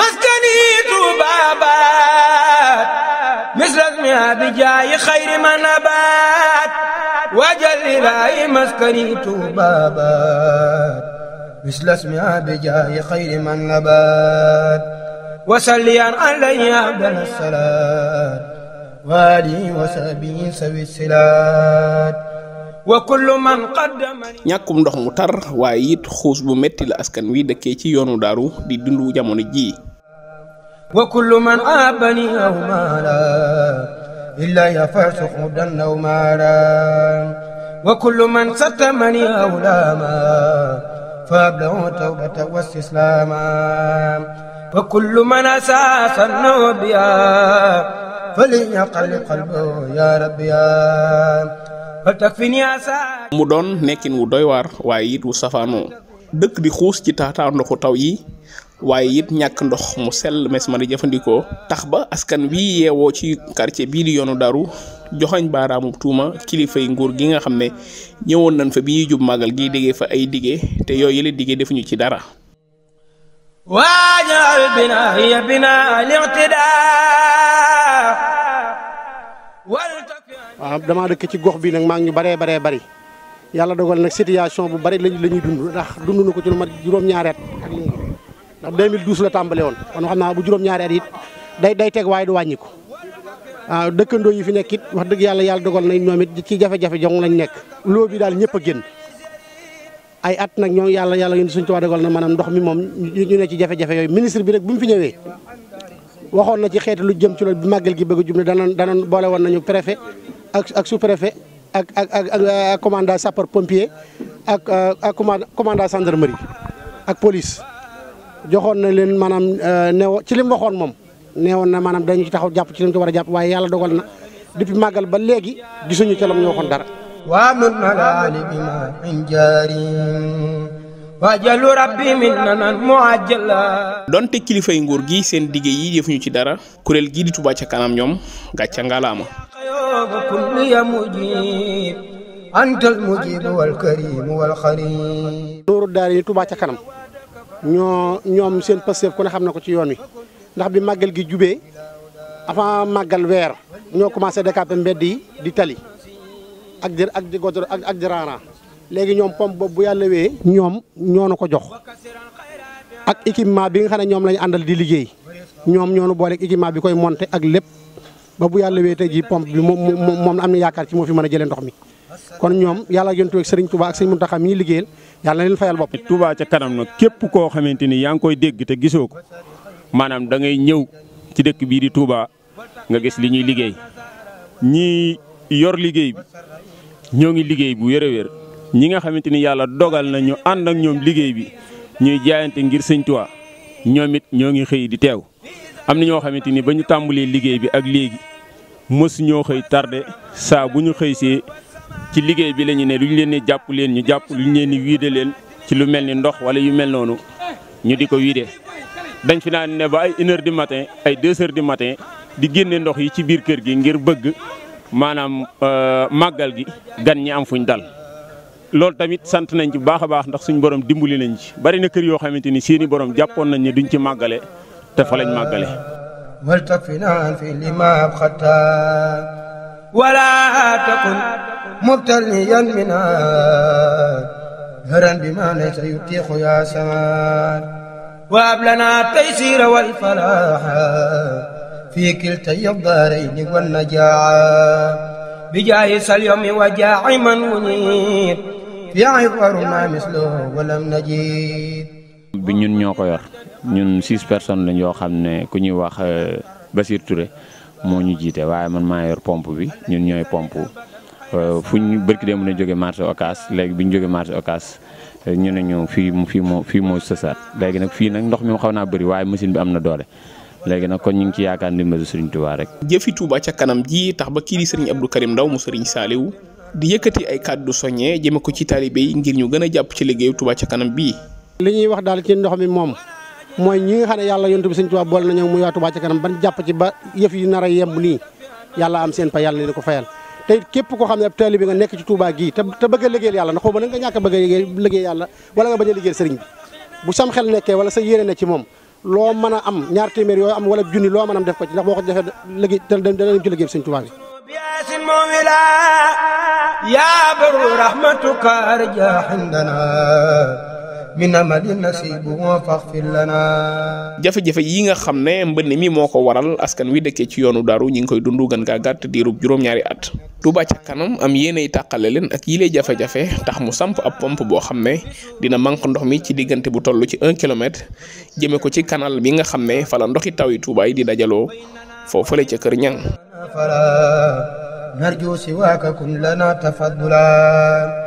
maskani Tuubaa baat misras mi abijaayi xayri ma nabaat wajal ilaahi maskani Tuubaa baat misras mi abijaayi xayri ma nabaat wasalliyan alayhi abdal salaat waalihi wa sahbihi sawi silaat ñàkkum ndox mu tar waaye it xuus bu metti la askan wi dëkkee ci yoonu daaru di dundu jamono jii wa kullu man abani aw maala illaa farsuxu dan wa kullu man sattamani aw fa ablahu tawbata wa istislaama wa kullu man asaasa nawbiya falyaqalli qalbahu yaa rabbiya mu doon nekkin wu doy waar waaye it wu safaanoo dëkk di xuus ci taataa taw yi waaye it ñàkk ndox mu sell mes mën a jëfandikoo tax ba askan wi yeewoo ci quartier bii di yoonu daru joxañ baaraamu tuuma kilifay nguur gi nga xam ne ñëwoon nañ fa bi ñuy jub màggal gi diggee fa ay diggee te yooyu yële diggee defuñu ci dara waajal binaa dëkk ci gox bi nag maa ngi ñu baree bare bari yàlla dogal nag situation bu bari lañu la dund ndax dund na ko ci lu mat juróom-ñaareet ndax 2012 la tàmbale woon kon xam naa bu juróom-ñaari at it day teg waaye du wàññiku waaw dëkkandoo yi fi nekk it wax dëgg yàlla yàlla dogal nañ ñoom it ci jafe-jafe jong lañ nekk loo bi daal ñëpp a ay at nag ñoo yàlla yàlla yun suñu tubaab dogal na maanaam ndox mi moom ñu ne ci jafe-jafe yooyu ministre bi nag bi mu fi ñëwee waxoon na ci xeet lu jëm ci loolu bi màggal gi bëgg a jub ne danoon danoon boole woon nañu préfet ak ak sous préfet ak ak ak commandant sapor pompier ak euh, ak commandant gendarmerie ak police joxoon na leen maanaam euh, neew ci li mu waxoon moom neewoon na maanaam dañu ci taxaw jàpp ci li mu war a jàpp waaye yàlla dogal na depuis màggal ba léegi gisuñu ca lam ñu waxoon dara وامن على بما من جاري wajalu rabbi min nanan muajjala donte kilifay nguur gi seen digge yi yëfuñu ci dara kuréel gii di Touba ca kanam ñoom gàcca ngalaama kulliya mujib antal mujib ca kanam ñoo ñoom seen Pastef ku ne xam na ko ci yoon wi ndax bi màggal gi jubee avant màggal weer ñoo commencé décaper mbedd yi di tali ak di ak di godoro ak ak di raaraan léegi ñoom pompe boobu bu yàlla wee ñoom ñoo nu ko jox ak équipement bi nga xam ne ñoom la àndal di liggéey ñoom ñoo nu booleeg équipement bi koy monte ak lépp ba bu yàlla wee tey jii pompe bi moom moom am na yaakaar ci moo fi mën a jëlee ndox mi. kon ñoom yàlla ak sëriñ bi ak Serigne Touba xam Serigne Mountakha mi ñu liggéeyal yàlla na leen fayal bopp Touba ca kanam nag képp koo xamante ni yaa ngi koy dégg te gisoo ko maanaam da ngay ñëw ci dëkk bii di Touba nga gis li ñuy liggéey ñi yor liggéey bi ñoo ngi liggéey bu wér a ñi nga xamante ni yàlla dogal na ñu ànd ak ñoom liggéey bi ñuy jaayante ngir Serigne ñoom it ñoo ngi xëy di teew am na ñoo xamante ni ba ñu tàmbalee liggéey bi ak léegi mës ñoo xëy saa bu ñu ci liggéey bi la ñu ne lu ñu leen ni jàpp leen ñu jàpp lu ñu leen ni wiide leen ci lu mel ni ndox wala yu mel noonu ñu di ko wiide dañ fi naan ne ba ay une heure matin ay deux di du matin di génne ndox yi ci biir kër gi ngir bëgg maanaam euh, màggal gi gan ñi am fuñ dal loolu tamit sant nañ ci baax a baax ndax suñu borom dimbali nañ ci bari na kër yoo xamante ni seeni borom jàppoon nañ ne duñ ci màggale te fa lañ màggale wala takun مبتليا منها هرا بما ليس يتيح يا سماد وهب لنا التيسير والفلاح في كلتي الدارين والنجاعة بجايس اليوم وجاع من ونيت في عبر ما مثله ولم نجيد bi ñun ñoo ko yor ñun six personnes lañ yoo xam ne ku ñuy wax Basir Touré moo ñu jiite waaye man maa yor pompe bi ñun ñooy pompe Euh, fu ñu bërki dem mën a jóge marché Ocass léegi bi ñu jógee marché Ocass euh, ñu ne ñu fii fii moo fii moo sësaat léegi nag fii nag ndox mi xaw naa bëri waaye machine bi am na doole léegi nag kon ñu ci yaakaar ndimbalu Serigne Touba rek. jëfi Touba ca kanam ji tax ba kii di Serigne Abdou Karim Ndaw mu Serigne Saliou di yëkkati ay kàddu soññee jëme ko ci taalibe yi ngir ñu gën a jàpp ci liggéeyu Touba ca kanam bii. li ñuy wax daal ci ndox mi moom mooy ñi nga xam ne yàlla yontu bi Serigne Touba boole nañu muy waa Touba ca kanam ban jàpp ci ba yëf yi nar a yemb nii yàlla am seen pa yàlla leen ko fayal te képp koo xam ne ab taalibe nga nekk ci Touba gii te te bëgg a liggéeyal yàlla na xaw ma nag nga ñàkk a bëgg a liggéey yàlla wala nga bañ a liggéeyal sëriñ bi bu sam xel nekkee wala sa yéene ne ci moom loo mën am ñaar téeméer yooyu am wala junni loo mën am def ko ci ndax boo ko defee liggéey dana dem ci liggéey bi sëriñ Touba bi yaasin moo wila yaa baru rahmatuka arja indana jafe-jafe yi nga xam ne mbënn mi moo ko waral askan wi dëkkee ci yoonu daaru ñi ngi koy dund gën gaa gàtt diirub juróom-ñaari at Touba ca kanam am yéenay tàqale leen ak yile jafe-jafe tax mu samp ab pompe boo xam ne dina manque ndox mi ci diggante bu toll ci un kilomètre jëme ko ci canal bi nga xam ne fala ndoxi taw yi Touba yi di dajaloo foofale ca kër ñang narju siwaaka kun lana tafaddula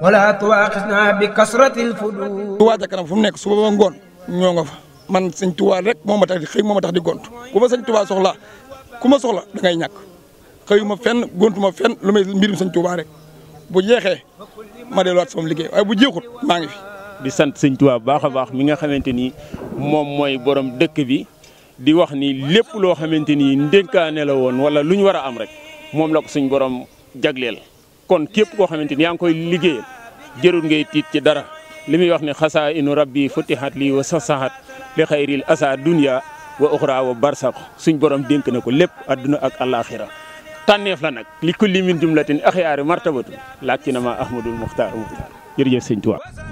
wala tuwaaxisna bi kasratil fudu. lu ca kanam fu mu nekk suba ba ngoon ñoo nga fa man sëñ Touba rek moo ma tax di xëy moo ma tax di gont bu ma sëñ Touba soxlaa ku ma soxla da ngay ñàkk xëyuma fenn gontuma fenn lu may mbirum sëñ Touba rek bu jeexee ma delluwaat sama liggéey waaye bu jeexut maa ngi fi. di sant sëñ Touba bu baax a baax mi nga xamante ni moom mooy borom dëkk bi di wax ni lépp loo xamante ni ndénkaane la woon wala lu ñu war a am rek moom la ko suñ borom jagleel. kon képp koo xamante ni yaa ngi koy liggéeyal jërul ngay tiit ci dara li muy wax ne xasaa inu rabbi futihat lii wa sasahat li xayril asa dunya wa uxra wa barsaq suñ borom dénk na ko lépp adduna ak alaxira tànneef la nag li kulli min jumlatin axiyaari martabatu laakina ma ahmadul muxtaar jërëjëf sëñ Tuubaa